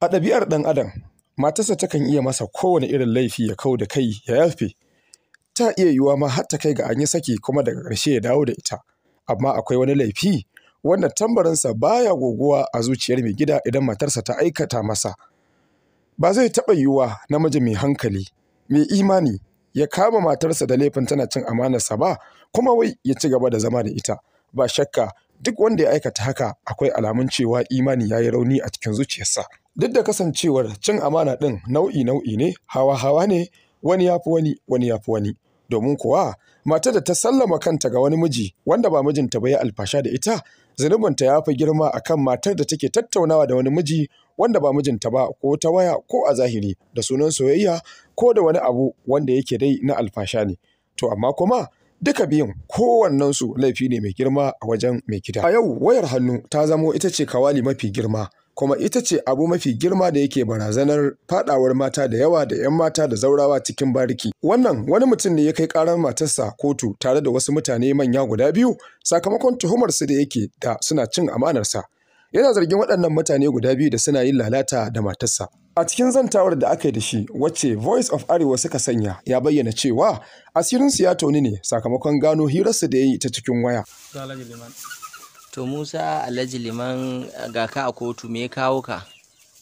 A ɗabi'ar ɗan adam, matarsa takan iya masa kowane irin laifi ya kau da kai ya yafe. Ta iya yiwuwa ma har ta kai ga an yi saki kuma daga ƙarshe ya dawo da ita. Amma akwai wani laifi wanda tambarinsa baya goguwa a zuciyar mai gida idan matarsa ta aikata masa. Ba zai taɓa yiwuwa namiji mai hankali, mai imani, ya kama matarsa da laifin tana cin amanarsa ba, kuma wai ya ci gaba da zama da ita. Ba shakka duk wanda ya aikata haka akwai alamun cewa imani ya yi rauni a cikin zuciyarsa. Duk da kasancewar cin amana ɗin nau'i-nau'i ne, hawa-hawa ne, wani ya fi wani, wani ya fi wani. Domin kuwa, matar da ta sallama kanta ga wani miji wanda ba mijinta ba ya alfasha da ita, zunubinta ya fi girma akan matar da take tattaunawa da wani miji wanda ba mijinta ba ko ta waya ko a zahiri da sunan soyayya ko da wani abu wanda yake dai na alfasha ne. To amma kuma duka biyun kowannensu laifi ne mai girma a wajen mai gida. A yau wayar hannu ta zamo ita ce kawali mafi girma kuma ita ce abu mafi girma da yake barazanar fadawar mata da yawa da 'yan mata da zaurawa cikin bariki. Wannan wani mutum ne ya kai karar matarsa kotu tare da wasu mutane manya guda biyu sakamakon tuhumar su da yake da suna cin amanarsa. Yana zargin waɗannan mutane guda biyu da suna yin lalata da matarsa. A cikin zantawar da aka yi da shi wacce Voice of Arewa suka sanya ya bayyana cewa asirinsu ya tauni ne sakamakon gano hirarsu da ya yi ta cikin waya. to musa alhaji liman ga ka a kotu me ya kawo ka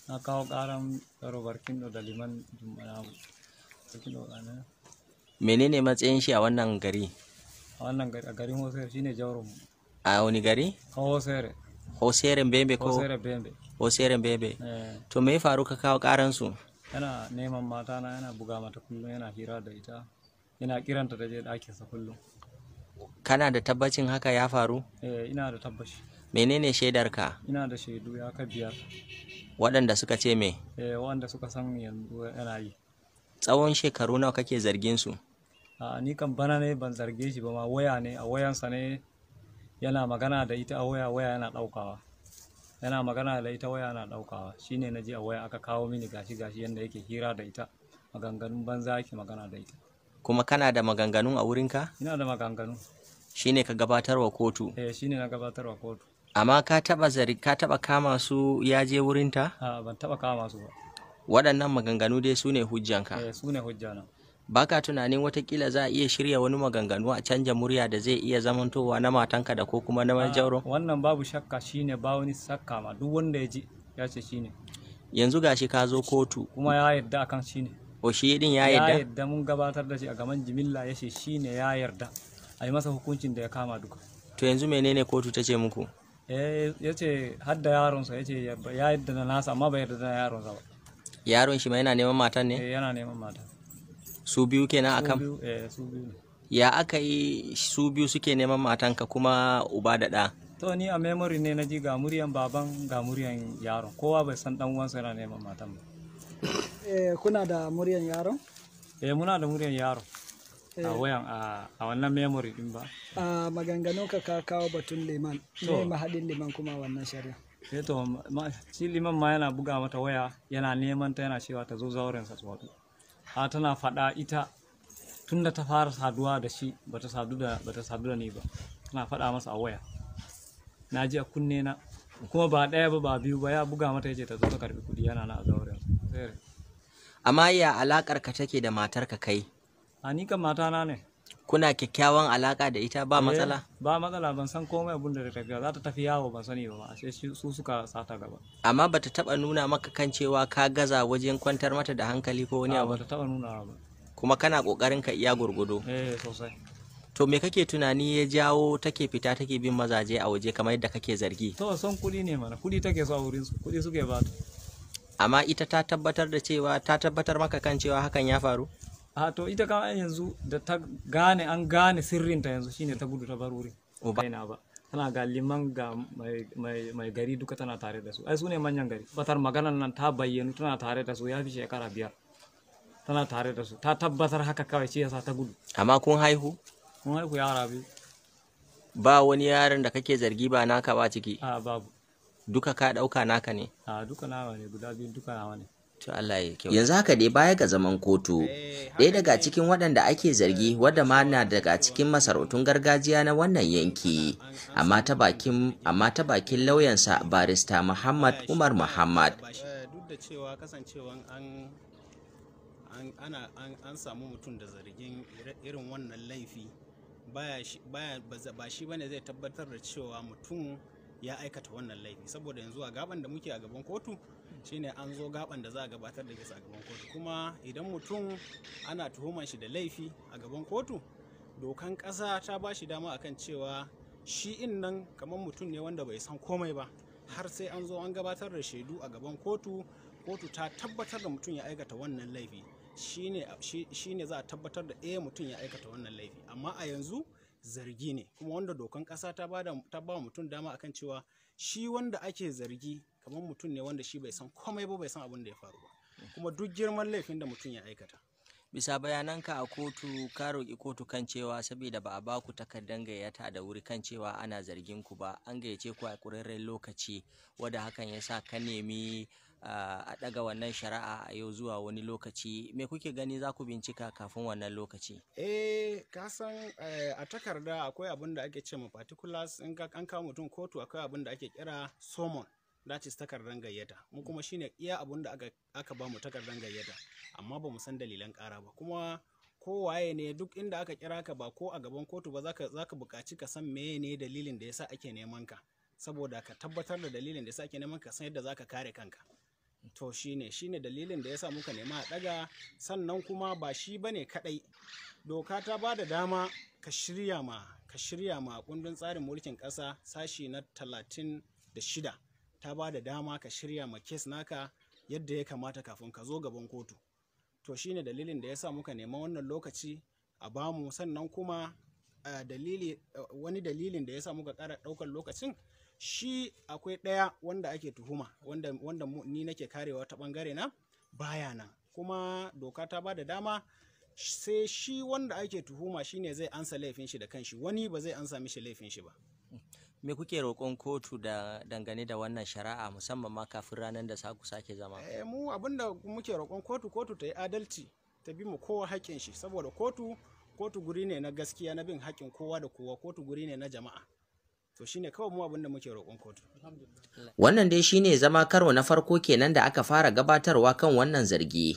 na kawo karan robar kindo da liman jumanamu menene matsayin shi a wannan gari a wannan gari a garin hosere shine jauron a wani gari a hosere hosere bembe ko hosere bembe hosere bembe eh. to me ya faru ka kawo karan su yana neman mata na yana buga mata kullum yana hira da ita yana kiranta da je ɗakinsa kullum kana da tabbacin haka ya faru eh ina da tabbaci menene shaidarka ina da shaidu ya ka biyar waɗanda suka ce me eh waɗanda suka san yanzu yana yi tsawon shekaru nawa kake zargin su a ni kan bana ne ban zarge shi ba ma waya ne a wayansa ne yana magana da ita a waya waya yana ɗaukawa yana magana da ita waya yana ɗaukawa shine na ji a waya aka kawo mini gashi gashi yanda yake hira da ita maganganun banza yake magana da ita kuma kana da maganganun a wurinka ina da maganganu Shi ne ka gabatar wa kotu eh shi ne na gabatar wa kotu amma ka taba zari ka taba kama su ya je wurinta a ban taba kama su ba waɗannan maganganu dai su ne hujjanka eh su ne hujjana Ba ka tunanin watakila za a iya shirya wani maganganu a canja murya da zai iya zamantowa na matanka da ko kuma na majauro wannan babu shakka shi ne ba wani sakka ma duk wanda ya ji ya ce shine yanzu gashi ka zo kotu kuma ya yarda akan shi ne. o shi din ya yarda ya yarda mun gabatar da shi a gaban jimilla ya ce shine ya yarda a yi masa hukuncin da ya kama duka to yanzu menene kotu ta ce muku eh, ya ce har da yaronsa ya ce ya yarda da nasa amma bai yarda da yaronsa ba yaron shi ma yana neman matan ne eh, yana neman mata su biyu kenan akan eh, su biyu su biyu ya aka yi su biyu suke neman matanka kuma uba da ɗa to ni a memory ne na ji ga muryan baban ga muryan yaron kowa bai san dan uwansa yana neman matan ba Eh, kuna da muryan yaron? eh muna da muryan yaron a eh. wayan a wannan memory din ba a maganganun ka kawo batun liman ne mahadin liman kuma wannan shari'a eh to shi liman ma yana buga mata waya yana neman ta yana cewa ta zo zauren sa wato Ha tana faɗa ita tunda ta fara saduwa da shi bata sadu da bata sadu da ni ba tana faɗa masa a waya na ji a kunne na kuma ba ɗaya ba ba biyu ba ya buga mata yace ta zo ta karbi kudi? yana na a zauren sa amma ya alakar ka take da matar ka kai a ni kan na ne kuna kyakkyawan alaka da ita ba eh, matsala ba matsala ban san komai abin da ta za ta tafi yawo ba sani ba ashe su suka sata gaba amma bata taba nuna maka kan cewa ka gaza wajen kwantar mata da hankali ko wani abu bata taba nuna ba kuma kana kokarin ka iya gurgudo eh sosai to me kake tunani ya jawo take fita take bin mazaje a waje kamar yadda kake zargi to son kudi ne mana kudi take so a wurin su kudi suke ba ta amma ita ta tabbatar da cewa ta tabbatar maka kan cewa hakan ya faru a to ita kama yanzu da ta gane an gane sirrinta yanzu shine ta gudu ta baruri wurin ba tana ga liman ga mai mai, gari duka tana tare da su ai su ne manyan gari batar magana nan ta bayyanu tana tare da su ya fi shekara biyar tana tare da su ta tabbatar haka kawai shi yasa ta gudu amma kun haihu kun haihu yara biyu ba wani yaron da kake zargi ba naka ba ciki a babu duka ka dauka naka ne a duka nawa ne guda biyu duka nawa ne to Allah ya Yanzu haka dai baya ga zaman kotu, eh, ɗaya daga cikin waɗanda ake zargi eh, wadda ma na daga cikin masarautun gargajiya na wannan yanki, amma ta bakin amma ta bakin lauyansa barista Muhammad Umar Muhammad. Eh, duk da cewa kasancewan an an an an samu mutum da zargin irin wannan laifi, baya ba shi bane zai tabbatar da cewa mutum ya aikata wannan laifi saboda yanzu a gaban da muke a gaban kotu shine an zo gaban da za a gabatar da kisa a gaban kotu kuma idan mutum ana tuhuman shi da laifi a gaban kotu dokan ƙasa ta ba shi dama akan cewa shi in nan kamar mutum ne wanda bai san komai ba har sai an zo an gabatar da shaidu a gaban kotu kotu ta tabbatar da mutum ya aikata wannan laifi shine za a tabbatar da eh mutum ya aikata wannan laifi amma a yanzu zargi ne kuma wanda dokan kasa ta ba ta ba mutum dama akan cewa shi wanda ake zargi kamar mutum ne wanda shi bai san komai ba bai san abin da ya faru ba kuma duk girman laifin da mutum ya aikata bisa bayanan ka a kotu ka roƙi kotu kan cewa saboda ba a ba ku takardar gayyata da wuri kan cewa ana zargin ku ba an gayyace ku a ƙurarren lokaci wanda hakan ya sa ka nemi a ɗaga wannan shari'a a yau zuwa wani lokaci me kuke gani za ku bincika kafin wannan lokaci eh ka san eh, a takarda akwai abin da ake ce ma particulars in an kawo mutum kotu akwai abin da ake kira summon that is takardar gayyata mu kuma shine iya abun da aka, aka ba mu takardar gayyata amma ba mu san dalilan ƙara ba kuma kowaye ne duk inda aka kira ka ba ko a gaban kotu ba zaka zaka buƙaci ka san meye ne dalilin da yasa ake neman ka saboda ka tabbatar da dalilin da yasa ake neman ka san yadda zaka kare kanka to shine shine dalilin da ya sa muka nema a ɗaga sannan kuma ba shi ba ne kaɗai doka ta ba da dama ka shirya ma ka shirya ma kundin tsarin mulkin ƙasa sashi na talatin da shida ta ba da dama ka shirya ma kes naka yadda ya kamata kafin ka zo gaban kotu to shine dalilin da ya sa muka nema wannan lokaci a bamu sannan kuma dalili wani dalilin da ya sa muka ƙara ɗaukar lokacin shi akwai ɗaya wanda ake tuhuma wanda, wanda ni nake karewa ta ɓangare na baya nan kuma doka ta bada dama sai shi wanda ake tuhuma shine zai ansa laifin shi da kanshi wani ba zai ansa mishi laifin shi ba me kuke roƙon kotu da dangane da wannan shari'a musamman ma kafin ranar da sa ku sake zama eh mu abinda muke roƙon kotu kotu ta yi adalci ta bi mu kowa haƙƙin shi saboda kotu kotu guri ne na gaskiya na bin haƙƙin kowa da kowa kotu guri ne na jama'a to shine kawai mu abin da muke roƙon kotu wannan dai shine zama karo na farko kenan da aka fara gabatarwa kan wannan zargi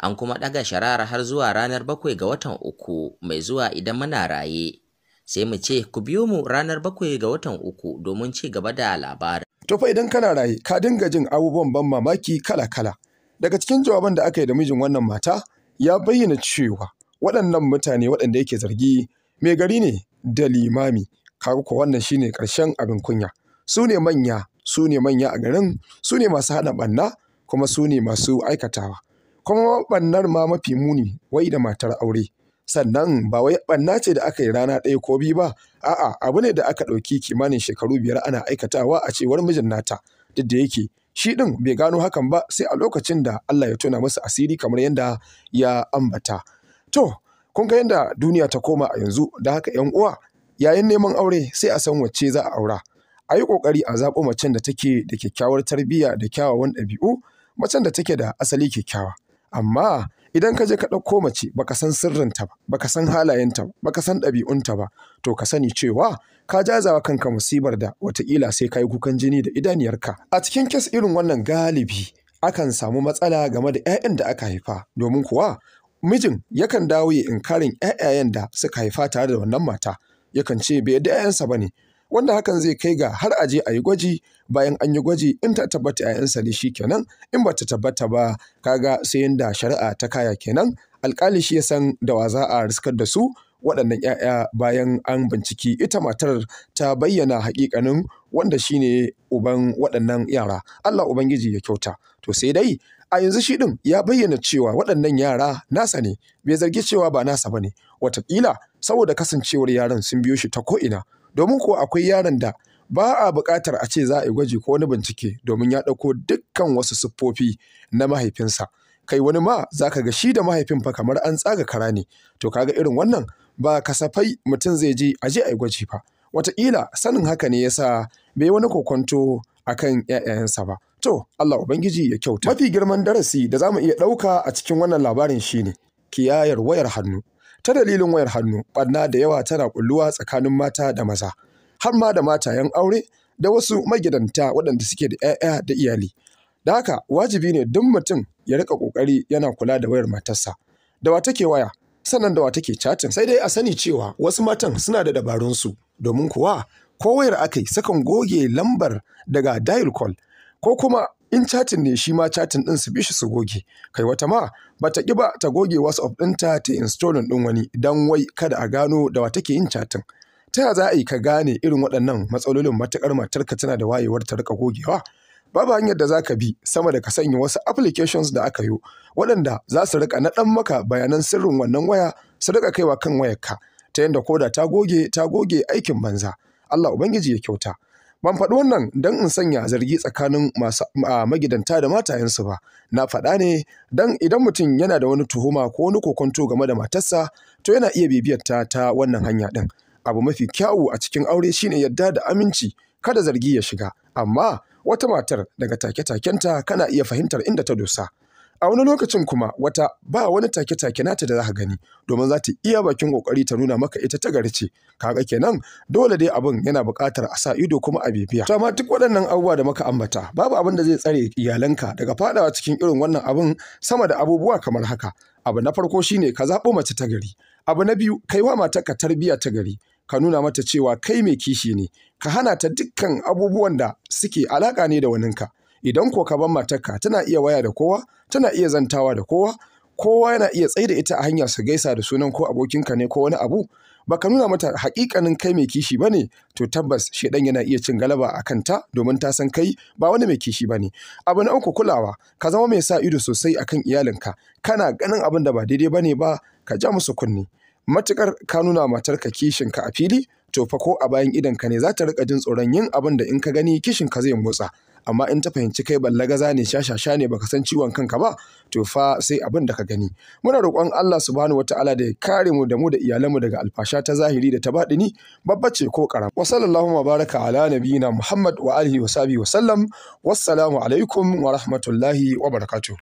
an kuma ɗaga sharara har zuwa ranar bakwai ga watan uku mai zuwa idan muna raye sai mu ce ku biyo mu ranar bakwai ga watan uku domin ci gaba da labarin. To fa idan kana raye ka dinga jin abubuwan ban mamaki kala-kala. Daga cikin jawaban da aka yi da mijin wannan mata ya bayyana cewa waɗannan mutane waɗanda yake zargi mai gari ne da limami kaga ko wannan shine ƙarshen abin kunya su ne manya su ne manya a garin su ne masu haɗa ɓanna kuma su ne masu aikatawa kuma ɓannar ma mafi muni wai da matar aure sannan ba wai ɓanna ce da aka yi rana ɗaya ko biyu ba a'a abu ne da aka ɗauki kimanin shekaru biyar ana aikatawa a cewar mijin nata duk da yake shi ɗin bai gano hakan ba sai a lokacin da Allah ya tona masa asiri kamar yadda ya ambata To, kun ga yadda duniya ta koma a yanzu, da haka ‘yan uwa, yayin neman aure sai a san wacce za a aura. A yi ƙoƙari a zaɓo macen da take da kyakkyawar tarbiyya da kyawawan ɗabi'u, macen da take da asali kyakkyawa. Amma idan ka je ka ɗauko mace baka san sirrinta ba, baka san halayenta ba, baka san ɗabi'unta ba, to ka sani cewa ka jazawa kanka musibar da wataƙila sai ka yi kukan jini da idaniyarka. A cikin kes irin wannan galibi akan samu matsala game da 'ya'yan da aka haifa, domin kuwa Mijin yakan dawo ya inkarin ‘ya'yayen da suka haifa tare da wannan mata, yakan ce bai da ‘ya'yansa ba ne, wanda hakan zai kai ga har a je a yi gwaji bayan an yi gwaji in ta tabbata ‘ya'yansa ne shi kenan in ba ta tabbata ba kaga sai inda shari'a ta kaya kenan alƙali shi ya san da wa za a riskar da su waɗannan ‘ya'ya bayan an binciki ita matar ta bayyana haƙiƙanin wanda shine uban waɗannan yara Allah ubangiji ya kyauta to sai dai a yanzu shi ɗin ya bayyana cewa waɗannan yara nasa ne bai zargi cewa ba nasa ba ne wataƙila saboda kasancewar yaran sun biyo shi ta ko'ina domin kuwa akwai yaran da ba a buƙatar a ce za a yi gwaji ko wani bincike domin ya ɗauko dukkan wasu siffofi na mahaifinsa kai wani ma za ka ga shi da mahaifin fa kamar an tsaga kara ne to kaga irin wannan ba kasafai mutum zai je a je a yi gwaji fa Wataƙila sanin haka ne ya sa bai wani kokonto a kan ‘ya'yansa ba. To, Allah Ubangiji ya kyauta. Mafi girman darasi da za mu iya ɗauka a cikin wannan labarin shi ne kiyayar wayar hannu. Ta dalilin wayar hannu, ɓanna da yawa tana ƙulluwa tsakanin mata da maza, har ma da matayen aure da wasu magidanta waɗanda suke da ‘ya'ya da iyali. Da haka wajibi ne duk mutum ya riƙa ƙoƙari yana kula da wayar matarsa. Da wa take waya, sannan da wa take catin. Sai dai a sani cewa wasu matan suna da dabarunsu. domin kuwa ko wayar aka yi sukan goge lambar daga dial call ko kuma in chatin ne shi ma chatin ɗin su bi su goge kai wata ma ba ta ƙi ba ta goge whatsapp ɗinta ta installin ɗin wani don wai kada a gano da wa take yin chatin ta za a yi ka gane irin waɗannan matsalolin matuƙar matarka tana da wayewar ta rika gogewa babu hanyar da za ka bi sama da ka sanya wasu applications da aka yi waɗanda za su rika ɗan maka bayanan sirrin wannan waya su rika kaiwa kan wayarka ta yadda koda ta goge ta goge aikin banza Allah ubangiji ya kyauta ban faɗi wannan don in sanya zargi tsakanin masu magidanta da matayensu ba na faɗa ne don idan mutum yana da wani tuhuma ko wani kokonto game da matarsa to yana iya bibiyar ta ta wannan hanya ɗin abu mafi kyawu a cikin aure shine yadda da aminci kada zargi ya shiga amma wata matar daga take-takenta kana iya fahimtar inda ta dosa A wani lokacin kuma wata ba wani take-take nata da za ka gani domin za ta iya bakin kokari ta nuna maka ita ta gari Kaga kenan dole dai abin yana buƙatar a sa ido kuma a bibiya. To amma duk waɗannan abubuwa da muka ambata babu abin da zai tsare iyalanka daga faɗawa cikin irin wannan abin sama da abubuwa kamar haka. Abu na farko shine ka zaɓo mace ta gari. Abu na biyu kai wa ka tarbiyya ta gari. ka nuna mata cewa kai mai kishi ne ka hana ta dukkan abubuwan da suke alaƙa ne da waninka Idan ko ka bar matarka tana iya waya da kowa, tana iya zantawa da kowa, kowa yana iya tsaida ita a hanya su gaisa da sunan ko abokinka ne ko wani abu, baka nuna mata haƙiƙanin kai mai kishi ba ne, to tabbas shedan yana iya cin galaba a kanta domin ta san kai ba wani mai kishi ba ne. Abu na uku kulawa, ka zama mai sa ido sosai akan iyalinka, kana ganin abin da ba daidai ba ne ba, ka ja musu kunne. Matuƙar ka nuna matarka kishinka a fili, to fa ko a bayan idonka ne za ta riƙa jin tsoron yin abin da in ka gani kishin ka zai motsa. amma in ta fahimci kai ballagaza ne shashasha ne baka san ciwon kanka ba to fa sai abin da ka gani muna roƙon Allah subhanahu wataala da ya kare mu da mu da iyalanmu daga alfasha ta zahiri da ta baɗini babba ce ko ƙarama wa sallallahu wa baraka ala nabiyina Muhammad wa alihi wa sahbihi wa sallam wassalamu alaikum wa rahmatullahi wa barakatuh